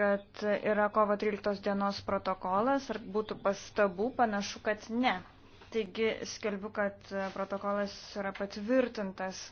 kad yra kovo 13 dienos protokolas, ar būtų pastabų, panašu, kad ne. Taigi skelbiu, kad protokolas yra patvirtintas.